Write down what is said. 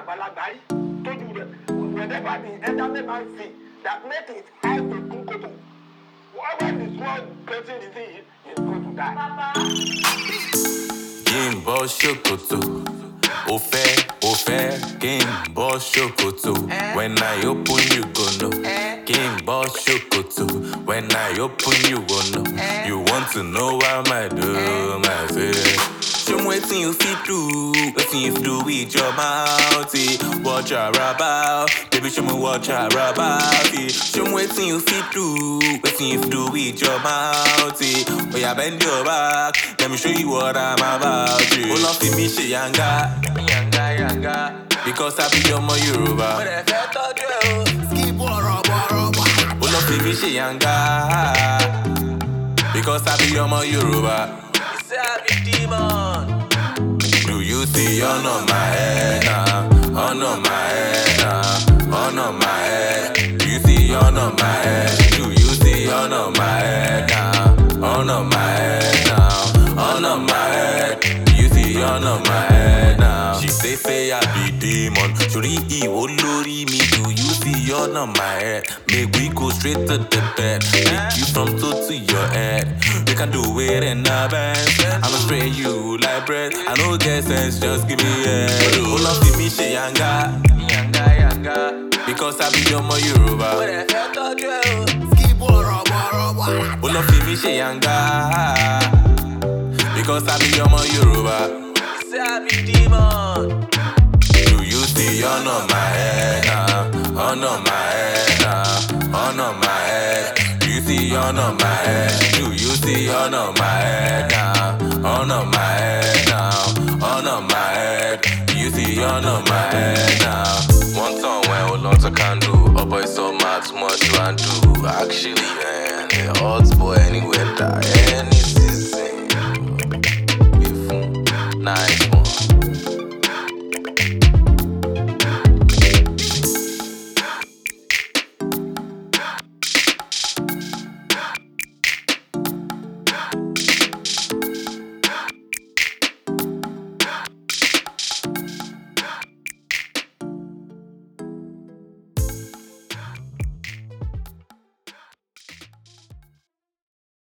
àgbàlagbà rí tójú rẹ̀ whatever the elderly man see that make his eye to do koto whatever the small person dey see he go to die. kí bọ́ ṣòkòtò ó fẹ́ ó fẹ́ kí n bọ́ ṣòkòtò when i open you go know kí n bọ́ ṣòkòtò when i open you go know you want to know why my do my face. Nothing you fit do, nothing you do with your mouth. Eh. What you're about, baby, show me what you're about. Eh. Show me what you fit do, nothing you do with your mouth. Eh. Oh, yeah, bend your back, let me show you what I'm about. Eh. Oh, nothing me, she yanga, yanga, yanga. Because I be your more Yoruba. But if I thought you, skip wara, wara, wara. Oh, nothing me, she yanga. Because I be your more Yoruba. You say I be demon she on on my head, nah. On on my head, nah. On on my head. you see on on my head? you you see on on my head, nah? On on my head, nah. On on my head. you see on on my head, nah? She say say I be demon. Shuri e olori me. Do you see on on my head? Make we go straight to the bed. Make you from so so your head. You can do it in a bed. I'ma spray you like bread. I know get sense, just give me head. All of the Mishe Yanga. Yanga, Yanga. Because I be your more Yoruba. All of the Mishe Yanga. Because I be your more Yoruba. Sabi demon. Do you see on my head? Uh, on my head. on my head. do You see? on my head now. On my head now. On my head. Do You see? on my head now. One time when I hold on to candle, up I saw Max much you and Actually, man, it odds.